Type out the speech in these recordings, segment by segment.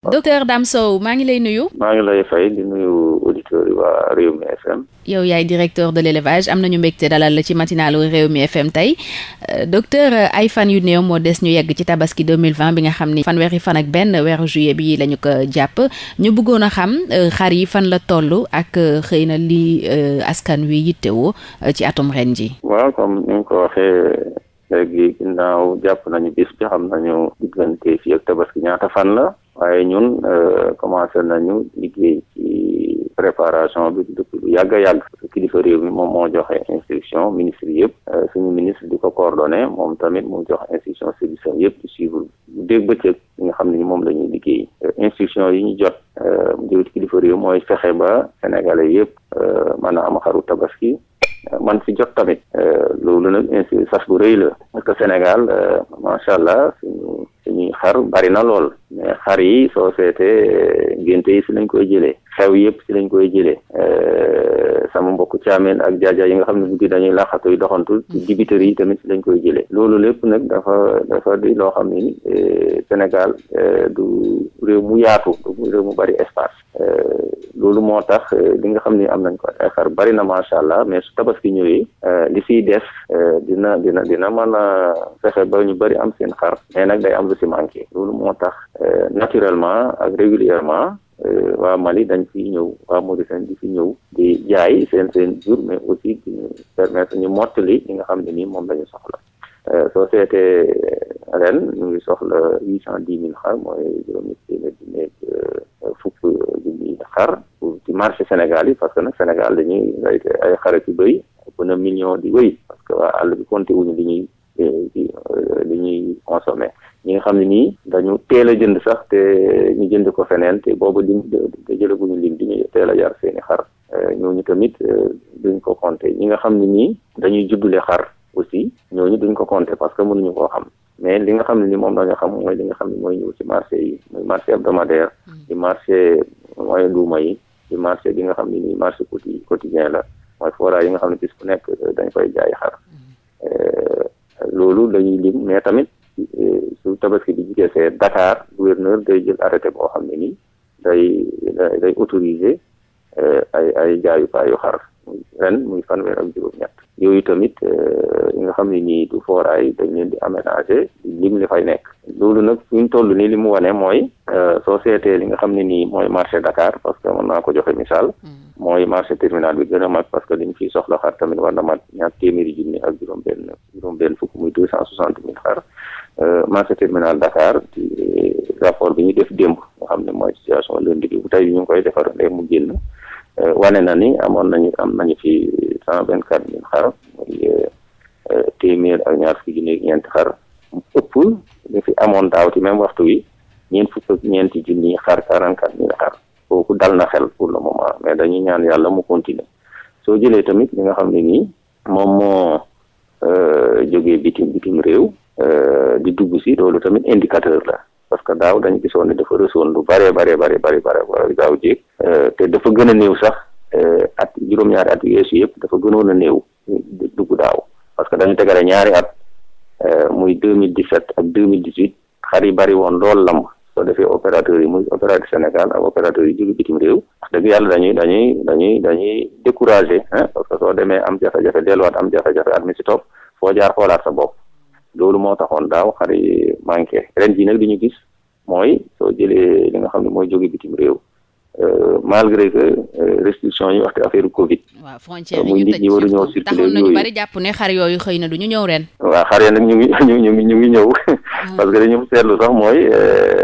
docteur Dame Sow maa ngi lay nuyu. maa ngi lay fay di nuyu auditeurs yi waa Rewmi FM. yow yaay directeur de l' élevage am nañu mbégte dalal la ci réew mi FM tey euh, docteur euh, ay fan yu néew moo des ñu yegg ci tabaski 2020 bi nga xam ni fanweeri fan ak benn weeru juillet bi la ko jàpp ñu bëggoon a xam euh, xar yi fan la toll ak xëy na li askan wi yittewoo ci atum ren ji. waaw comme ni ko waxee. léegi ginnaaw jàpp nañu bis bi xam nañu diggante fii ak tabaski ñaata fan la waaye ñun euh, commencé nañu liggéey ci préparation bi depuis lu yàgg a yàgg kilifa réew mi moom moo joxe instruction ministre yëpp euh, suñu ministre di ko coordonné moom tamit mu jox instruction service am yëpp di suivre bu bëccëg li nga xam ne moom la ñuy liggéey euh, instruction yi ñu jot jëwit kilifa réew mooy fexe ba sénégalais yëpp mën na am xaru tabaski man fi jot tamit euh, loolu nag insi sas bu rëy parce que Sénégal euh, macha allah suñu suñuy xar bari na lool mais xar yi soo seetee ngénte yi si lañ koy jëlee xew yëpp si lañ koy jëlee euh, sama mbokku caameen ak jaajaa yi nga xam ne guddi dañuy laaxatu doxantu mm-hmm. dibiteri yi tamit lañ koy jëlee loolu lépp nag dafa dafa di loo xam ni euh, Sénégal euh, du réew mu yaatu du réew mu bari espace euh, loolu moo tax li nga xam ne am nañ ko ay xar bari na macha allah mais su tabaski ñëwee li fiy def dina dina dina man a fexe ba ñu bari am seen xar mais nag day am lu si manqué loolu moo tax naturellement ak régulièrement Euh, waa Mali dañ fi ñëw waa Mauritanie di fi ñëw di jaay seen seen jur mais aussi di permettre ñu mottali li nga xam ne nii moom la ñu soxla euh, soo seetee euh, ren ñu ngi soxla huit cent dix mille xar mooy juróomi téeméer di nekk fukk junni xar pour ci Sénégal yi parce que nag Sénégal dañuy ay xare ci bëy ëpp na million di wéy parce que waa àll bi compté wuñu li ñuy li ñi nga xam ne nii dañu teel a jënd sax te ñu jënd ko feneen te boobu lim jëlaguñu lim di ñu teel a yar seen i xar euh, ñooñu tamit euh, duñ ko compter ñi nga xam ne nii dañuy juddule xar aussi ñooñu duñ ko compter parce que mënuñu koo xam mais li nga xam ne nii moom la ñu xam mooy li nga xam ne mooy ñëw ci marché yi mooy marché hebdomadaire ci hmm. marché mooy luuma yi ci marché bi nga xam ne nii marché quotidi quotidien la mooy fora yi nga xam ne bis ku nekk euh, dañ koy jaay xar dañuy hmm. lim mais tamit su tabaski bi jegesee Dakar gouverneur day jël arrêté boo xam ne nii day day autorisé euh, ay ay jaayukaayu xar ren muy fanweer ak juróom-ñett yooyu tamit euh, yi nga xam ni nii du fooraay dañ leen di aménager lim li fay nekk loolu nag fuñ toll nii li mu wane mooy euh, soo seetee li nga xam ne nii mooy marché Dakar parce que mën naa ko joxe misaal hmm. mooy marché terminal bi gën mag parce que li ñu fiy soxla xar tamit war na mat ñaar téeméeri junni ak juróom-benn juróom-benn fukk muy deux cent soixante mille xar euh, marché terminal Dakar euh, rapport bi ñu def démb nga xam ne mooy situation lundi bi tey ñu ngi koy defar ndey mu génn euh, wane na ni amoon nañu am nañu fi cent vingt quatre mille xar muy ak ñaar fukki junni ñeenti xar ëpp ñu fi amoon daaw ti même waxtu wi ñeent fukk ak ñeenti junni xar quarante quatre mille xar kooku dal na xel pour le moment mais dañuy ñaan yàlla mu continuer soo jëlee tamit li nga xam ne nii moom moo euh, jógee bitim bitim réew euh, di dugg si loolu tamit indicateur la parce que daaw dañ gisoon ne dafa rësoon lu bare bare bare bare bare daaw jéeg euh, te dafa gën a néew sax at juróom-ñaari at yeesu yëpp dafa gënoon a néew dugg daaw parce que dañu tegale ñaari at muy deux mille dix sept ak deux mille dix huit xar yi bari woon lool lamb soo defee opérateur yi muy opérateur Sénégal ak opérateur yu jóge bitim réew wax dëgg yàlla dañuy dañuy dañuy dañuy découragé ah parce que soo demee am jafe-jafe delluwaat am jafe-jafe at mi si topp jaar xoolaat sa bopp loolu moo taxoon daaw xar yi manqué ren jii nag li ñu gis mooy soo jëlee li nga xam ne mooy jóge bitim réew euh, malgré que euh, restriction yi waxte affaire Covid. waaw frontière yi ñu tëj ñu waru ñëw circuler yooyu taxoon nañu bari jàpp ne xar yooyu xëy na ñëw ren. waaw xar nag ñu ngi ñu ngi ñëw. parce que dañu seetlu sax mooy euh,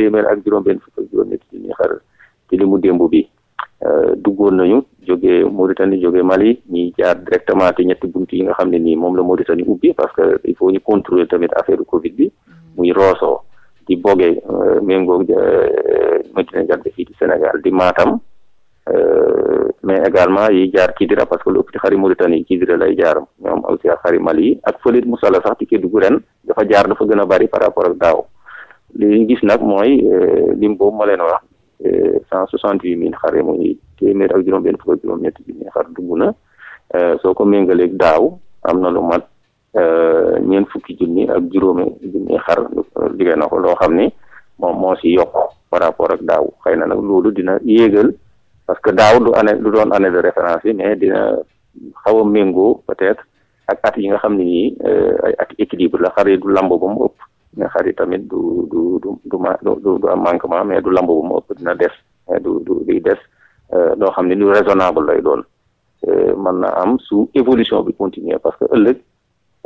téeméer ak juróom-benn fukk ak juróom-ñett ñuy xar ci li mu démb bi euh, duggoon nañu jógee Mauritanie jógee Mali ñuy jaar directement te ñetti bunt yi nga xam ne nii moom la Mauritanie ubbi parce que il faut ñu contrôler tamit affaire Covid bi muy Rosso di Bogué euh, méngoog euh, Medina Gàdde fii di Sénégal di Matam mais également yi jaar Kidira parce que lu ëpp ci xari lay jaar ñoom aussi ak xari Mali ak fëlit Moussala sax ci Kédougou dafa jaar dafa gën a bari par rapport ak daaw li ñu gis nag mooy euh, lim boobu ma leen wax euh, cent soixante huit mille xar yi ak juróom benn fukk ak juróom ñetti junni xar dugg na euh, soo ko méngaleeg daaw am na lu mat ñeent fukki junni ak juróomi junni xar liggéey na ko loo xam ni moom moo si yokk par rapport ak daaw xëy na nag loolu dina yégal parce que daaw du année doon année de référence yi mais dina xaw a méngoo peut-être ak at yi nga xam ne nii ay at équilibre la xar du lambo ba mu ëpp nga xar yi tamit du du du du du du am manquement mais du lamb bu mu ëpp dina des mais du du des euh, loo xam ne lu raisonnable lay doon euh, man na am su évolution bi continuer parce que ëllëg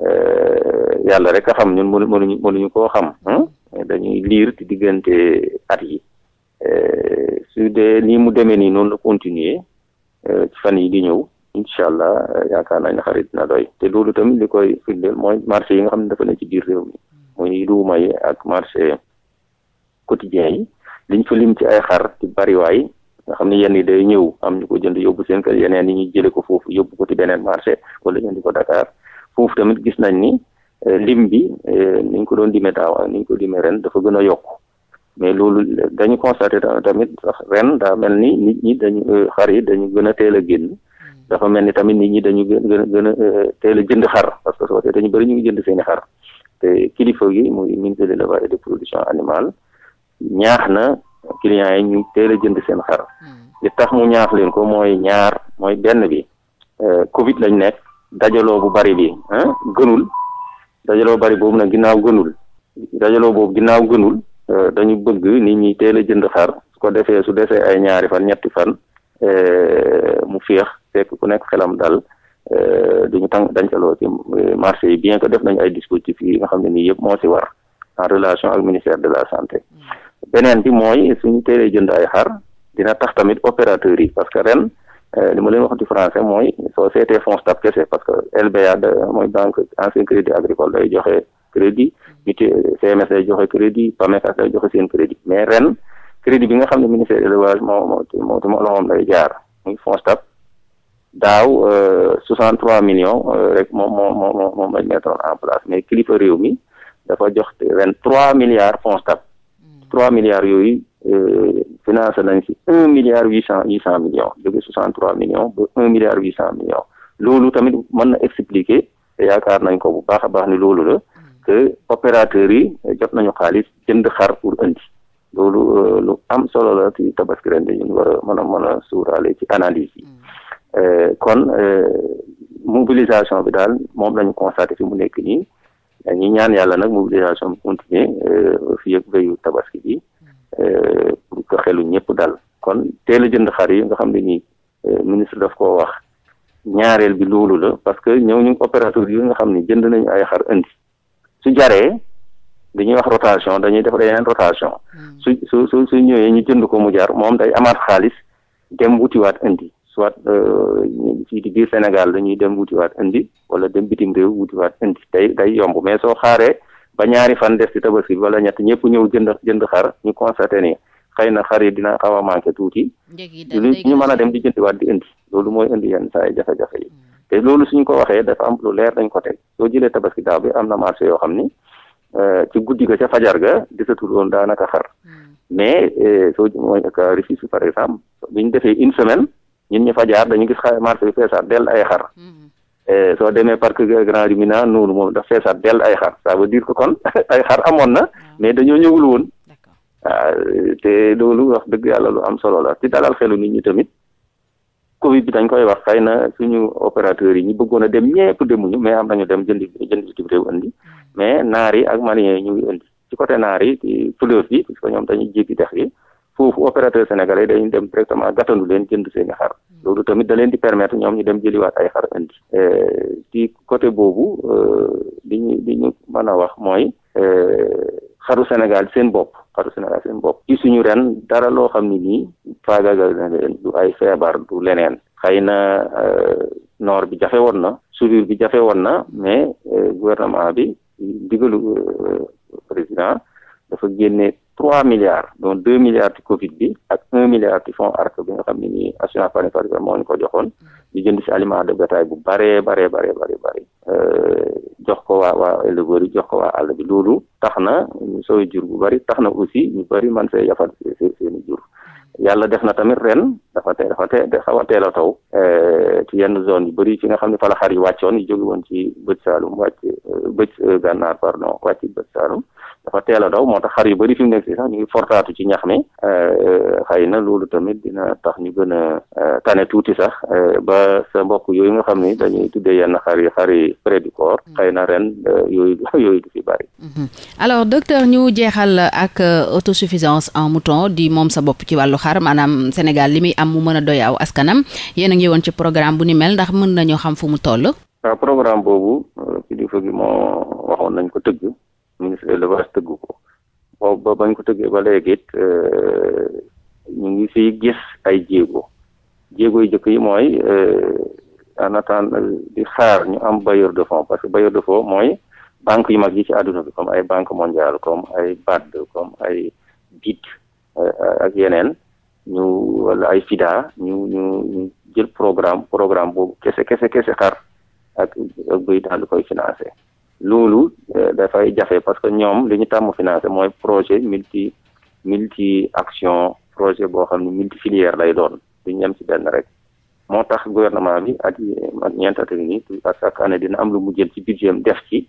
euh, yàlla rek a xam ñun mënu mënuñu ñu koo xam dañuy liir diggante at yi su dee nii mu demee nii noonu la continuer ci fan yi di ñëw incha allah yaakaar nañ xarit na doy te loolu tamit li koy firndeel mooy marché yi nga xam ne dafa ne ci biir réew mi muy luuma yi ak marché quotidien yi liñ fa lim ci ay xar ci bariwaay nga xam ne yenn yi day ñëw am ñu ko jënd yóbbu seen kër yeneen yi ñu jële ko foofu yóbbu ko ci beneen marché wala indi ko Dakar foofu tamit gis nañ ni eh, lim bi eh, niñ ko doon limee daaw ak niñ ko limee ren dafa gën a yokk mais loolu dañu constaté tamit sax ren daa mel ni nit ñi dañu eh, xar yi dañu gën a teel a génn hmm. dafa mel ni tamit nit ñi dañu gën gën a a jënd xar parce que soo dañu bëri ñu ngi jënd seen xar kilifa gi muy ministre de l'élevage de production animale ñaax na clients yi ñu teel jënd seen xar hmm. li tax mu ñaax leen ko mooy ñaar mooy benn bi euh, covid lañ nekk dajaloo bu bari bi gënul dajaloo bari boobu nag ginnaaw gënul dajaloo boobu ginnaaw gënul euh, dañu bëgg nit ñi teel a jënd xar su ko defee su defee ay ñaari fan ñetti fan euh, mu feex fekk ku nekk xelam dal duñu tànk dancaloo ci marché yi bien que def nañu ay dispositifs yi nga xam ne nii yëpp moo ci war en relation ak ministère de la santé beneen bi mooy suñu teelee jënd ay xar dina tax tamit opérateurs yi parce que ren li ma leen wax ci français mooy soo seetee Fonstab kese parce que LBA da mooy banque ancien crédit agricole day joxe crédit mais ren crédit bi nga xam ne ministère élevage moo moo moo loxoom lay jaar muy Fonstab daaw 63 euh, millions euh, rek moom moom moom moom lañ mettoon en place mais kilifa réew mi dafa jox ren 3 milliards fonds TAP 3 hmm. milliards yooyu euh, financé nañ ci 1 milliard 800 800 millions jóge 63 millions ba 1 milliard 800 millions loolu tamit mën na expliquer te yaakaar nañ ko bu baax a baax ni loolu la hmm. que opérateurs yi jot nañu xaalis jënd xar pour indi loolu lu am solo la tabaski ren bi ñu war a a mën Euh, kon euh, mobilisation bi daal moom lañu constaté fi mu nekk nii dañuy ñaan yàlla nag mobilisation bi continuer euh, fii ak béyu tabaski bi pour que xelu ñëpp dal kon teel a jënd xar yi nga xam ne nii ministre daf koo wax ñaareel bi loolu la parce que ñëw ñu opérateur yi nga xam ni jënd nañu ay xar indi su jaree dañuy wax rotation dañuy def yeneen rotation hmm. su su su ñëwee ñu jënd ko mu jar moom day amaat xaalis dem wutiwaat indi soit euh, fii ci biir Sénégal dañuy dem waat indi wala dem bitim réew wutiwaat indi day day yomb mais soo xaaree ba ñaari fan des ci tabaski wala ñett ñëpp ñëw jënd jënd xar ñu constaté ni xëy na xar yi dina xaw a manqué tuuti lu ñu mën a dem di jëndiwaat di indi loolu mooy indi yenn saa yi jafe-jafe yi hmm. te loolu suñ ko waxee dafa am lu leer dañ ko teg soo jëlee tabaski daaw bi am na marché yoo xam ni euh, ci guddi ga ca fajar ga gisatul woon daanaka xar hmm. mais euh, soo mooy ka Rufisque par exemple bi ñun ñu fa jaar dañu gis xa marché bi feesaat dell ay xar mm-hmm. eh, soo demee parc Grand Médina noonu moom daf feesaat dell ay xar ça veut dire que kon ay xar amoon na ah. mais dañoo ñëwul woon ah, te loolu wax dëgg yàlla lu am solo la ci dalal xelu nit ñi tamit Covid bi dañ koy wax xëy na suñu opérateurs yi ñu bëggoon a dem ñëpp demuñu mais am nañu dem jëndi jënd bitim réew indi mm. mais naar yi ak malien yi ñu ci côté naar yi fleuve bi parce que ñoom dañuy jéggi dex yi foofu opérateur sénégalais dañu dem directement gàttandu leen jënd seen i xar loolu tamit da leen di permettre ñoom ñu dem jëliwaat ay xar indi euh, ci côté boobu euh, li ñu li ñu mën a wax mooy euh, xaru Sénégal seen bopp xaru Sénégal seen bopp ci suñu ren dara loo xam ni nii faagaagal na leen du ay feebar du leneen xëy na noor bi jafe woon na soudure bi jafe woon na mais gouvernement bi digalu président dafa génne trois milliards donc deux milliards ci Covid bi ak un milliard ci fonds ARC bi nga xam ne nii assurance parlementaire moo ñu ko joxoon ñu jënd ci aliment de bétail bu baree baree baree baree euh, jox ko waa waa éleveurs jox ko waa àll bi loolu tax na sooy jur bu bari tax na aussi ñu bari man see yafal seeni jur yàlla def na tamit ren dafa tee dafa tee xaw a teel a taw euh, ci yenn zone yu bëri fi nga xam ne fa la xar yi wàccoon yu jóge woon ci bëj saalum wàcc euh, bëj gànnaar pardon wàcc bëj saalum dafa teel daw moo tax xar yu bari fi mu nekk si sax ñu ngi fortaatu ci ñax mi euh, euh, xëy na loolu tamit dina tax ñu gën a euh, tane tuuti sax ba sa mbokk yooyu nga xam ni dañuy tuddee yenn xar yi xar yi près du corps mm. xëy na ren yooyu yooyu du fi bëri. Mm-hmm. alors docteur ñu jeexal ak autosuffisance en mouton di moom sa bopp ci wàllu xar maanaam Sénégal li muy am mu mën a doy aw askanam yéen a ngi woon ci programme bu ni mel ndax mën nañoo xam fu mu toll. Ah, programme boobu kilifa gi moo nañ ko tëgg. ministre élevage tëgg ko boobu ba bañ ko tëggee ba léegi it euh, ñu ngi fi gis ay jéego jéego yu jëkk yi mooy euh, en attendant di xaar ñu am bailleur de fonds parce que bailleur de fonds mooy banque yu mag yi ci àdduna bi comme ay banque mondiale comme ay BAD comme ay BID euh, ak yeneen ñu wala ay FIDA ñu ñu jël programme programme boobu kese kese kese xar ak ak daal di koy financé loolu euh, dafay jafe parce que ñoom li ñu tàmm financé mooy projet multi multi action projet boo xam ne multi filière lay doon duñu yem ci benn rek moo tax gouvernement bi ak ñeent at ni ak chaque année dina am lu mu jël ci budget am def ci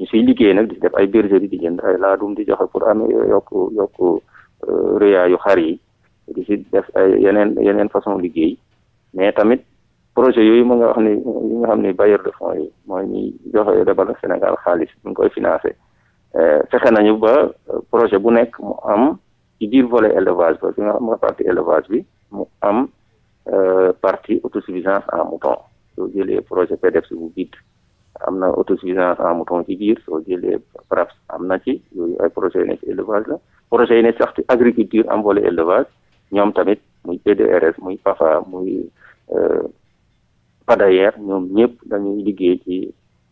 ñu siy liggéey nag di def ay bergerie di jënd laa laadum di joxe pour amee yokk yokk euh, yu xar yi di si def ay yeneen yeneen façon liggéey mais tamit projet yooyu ma nga xam ni yi nga xam ni bailleur de fonds yi mooy ñuy joxe lebal Sénégal xaalis ñu ngi koy financé eh, fexe nañu ba euh, projet bu nekk mu am ci biir volet élevage ba bi nga xam bi mu am euh, partie autosuffisance en mouton soo jëlee projet PEDEPS bu BID am na autosuffisance en mouton ci biir soo jëlee PRAPS am na ci yooyu ay projets yi nekk ci élevage la projets yi nekk sax ci agriculture am volet élevage ñoom tamit muy PDRS e muy PAFA muy euh, Padayer ñoom ñëpp dañuy liggéey ci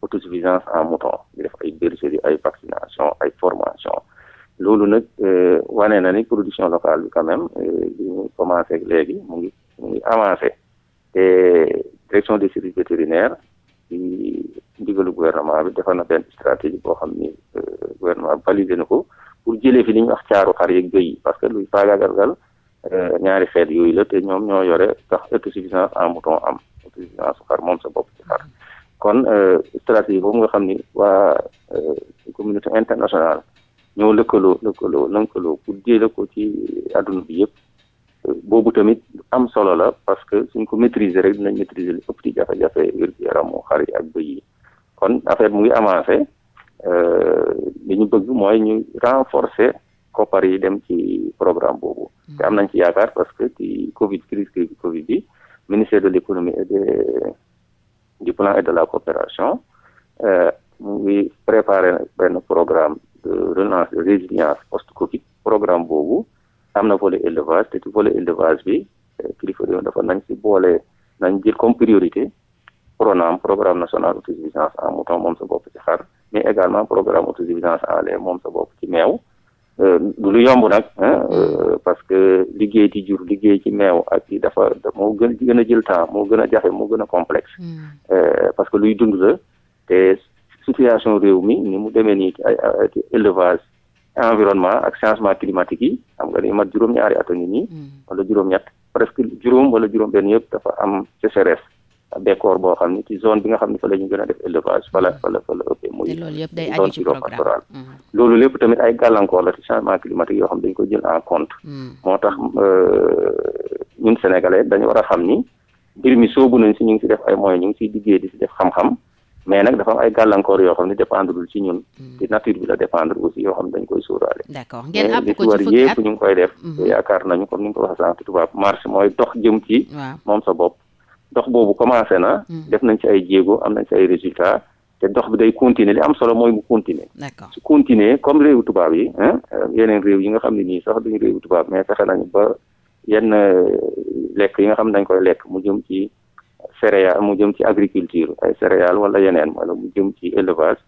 autosuffisance en mouton di def ay bergerie ay vaccination ay formation loolu nag euh, wane na ni production locale bi quand même ñu euh, commencé léegi mu ngi mu ngi avancé te direction des services vétérinaires ci ndigalu gouvernement bi defar na benn stratégie boo xam ni euh, gouvernement validé na ko pour jëlee fi li ñuy wax caaru xar yeeg bëy yi parce que luy faagaagal ñaari xeet yooyu la te ñoom ñoo yore tax autosuffisance en mouton am assurance xar moom sa bopp ci xar kon euh, stratégie boobu nga xam ni waa euh, communauté internationale ñoo lëkkaloo lëkkaloo lëkkaloo pour jéele ko ci àdduna bi yëpp boobu tamit am solo la parce que suñ ko maîtriser rek dinañ maîtriser li ëpp ci jafe-jafe wér-gu-yaramu xar yi ak bëy yi kon affaire mu ngi avancé euh, li ñu bëgg mooy ñu renforcer koppar yi dem ci programme boobu mm. te am nañ ci yaakaar parce que ci Covid crise Covid bi ministère de l'économie et de, du plan et de la coopération euh, mu ngi préparé benn programme de relance de résilience post-Covid programme boobu am na volet élevage te ci volet élevage bi euh, kilifa yooyu dafa nañ si boole nañ jël comme priorité PRONAM programme national autosuffisance en mouton moom sa bopp ci xar mais également programme autosuffisance en lait moom sa bopp ci meew du euh, lu yomb nag hmm. euh, parce que liggéey ci jur liggéey ci meew ak ci dafa moo gën gën a jël temps moo gën a jafe moo gën a complex hmm. euh, parce que luy dund la te situation réew mi ni mu demee nii ay élevage environnement ak changement climatique yi xam nga ni mat juróom-ñaari at a ngi nii hmm. wala juróom-ñett presque juróom wala juróom-benn yëpp dafa am sécheresse bekkoor boo xam ne ci zone bi nga xam ne fa la ñu gën a def élevage fa la mm. fa la fa la ëppee muy a sylvopastoral mm. loolu lépp tamit ay gàllankoor la ci changement climatique yoo xam dañ ko jël en compte mm. moo tax euh, ñun sénégalais dañu war a xam ni mbir mi soobu nañ si ñu ngi si def ay moyens ñu ngi siy liggéey di si def xam-xam mais nag dafa am ay gàllankoor yoo xam dañ koy suuraale d'accord mm-hmm. mooy dox jëm ci moom sa bopp dox boobu commencé na. Hmm. def nañ ci ay jéego am nañ ci ay résultats te dox bi day continuer li am solo mooy mu continuer. su continuer comme réewu tubaab yi. yeneen réew yi nga xam ne nii sax duñu réewu tubaab mais fexe nañu ba yenn euh, lekk yi nga xam ne dañ koy lekk mu jëm ci céréales mu jëm ci agriculture ay céréales wala yeneen wala mu jëm ci élevage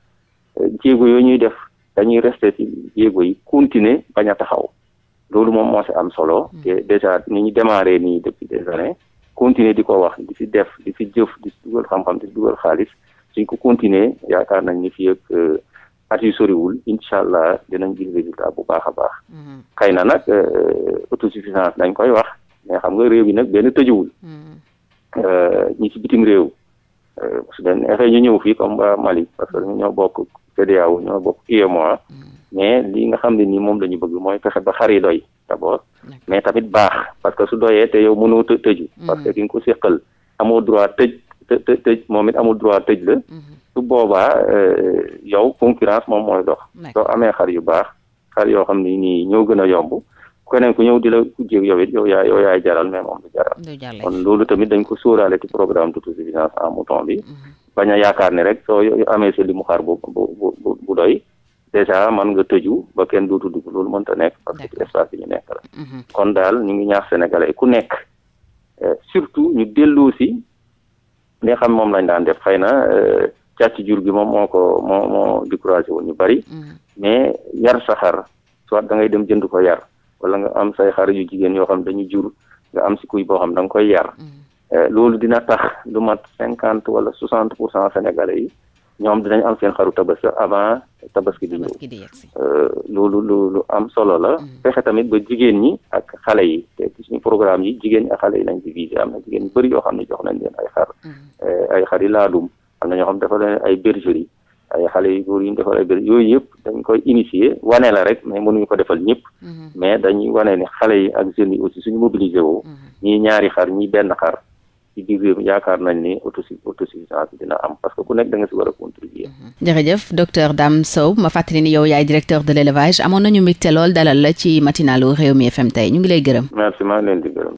euh, jéego yooyu ñuy def dañuy rester ci yi continuer bañ a taxaw loolu moom moo si am solo. Hmm. te déjà ni ñu démarré nii continuer di ko wax di fi def di fi jëf di fi dugal xam-xam di fi dugal xaalis suñ ko continuer yaakaar nañ ni fii ak euh, at yu soriwul incha allah dinañ gis résultat bu baax a baax. Mm-hmm. xëy na nag euh, autosuffisance dañ koy wax mais xam nga réew yi nag benn tëjuwul. Mm-hmm. Euh, ñi ci bitim réew. su leen neexee ñu ñëw fii comme waa Mali parce que ñoo bokk CEDEAO ñoo bokk UEMOA mm-hmm. mais li nga xam ne nii moom la ñu bëgg mooy fexe ba xar yi doy d' mais tamit baax parce que su doyee te yow mënoo të tëju mm-hmm. parce que ki nga ko séqal amoo droit tëj të tëj moom it amul droit tëj la mm-hmm. su boobaa euh, yow concurrence moom mooy dox soo amee xar yu baax xar yoo xam ni nii ñoo gën a yomb keneen ku ñëw di la kujjeeg yow it yow yaa yow yaay jaral mais moom du jaral kon loolu tamit dañ ko sóoraale ci programme d'autosuffisance en mouton bi mm-hmm. bañ a yaakaar ne rek soo amee si limu xar bu bu bu bu doy dèjà mën nga tëju ba kenn dootu dugg loolu mënta nekk parce que ci espace bi ñu nekk la mhm. kon daal ñu ngi ñaax sénégalais ku nekk euh, surtout ñu delloo si li nga xam moom lañ daan def xëy na euh, càcc jur gi moom moo ko moo moo découragé woon ñu bari mhm. mais yar sa xar soit da ngay dem jënd ko yar wala nga am say xar yu jigéen yoo xam dañu jur nga am si kuy boo xam da nga koy yar mhm. euh, loolu dina tax lu mat cinquante wala soixante pour cent sénégalais yi ñoom dinañ am seen xaru tabaski avant tabaski bi ñëw euh, loolu lu lu lu am solo la fexe mm. tamit ba jigéen ñi ak xale yi te ci suñu programme yi jigéen ñi ak xale yi lañ ci visé am na jigéen ñu bëri yoo xam ne jox nañ leen ay xar mm. euh, ay xar yi laadum am na ñoo xam dafa leen ay bergerie ay xale yu góor yi ñu defal ay bergerie yooyu yëpp dañ koy initier wane la rek mais mënuñu ko defal ñëpp mm-hmm. mais dañuy wane ne xale yi ak jeunes yi aussi suñu mobilisé woo mm-hmm. ñii ñaari xar ñii benn xar ci biir yaakaar nañ ni autosu autosuffisance bi dina am parce que ku nekk da si war a contribuer. Mhm. jërëjëf docteur daam Sow ma fàttali ni yow yaay directeur de l' élevage amoon nañu mbégte lool dalal la ci matinalu réew mi FM tey ñu ngi lay gërëm. merci maa ngi di gërëm.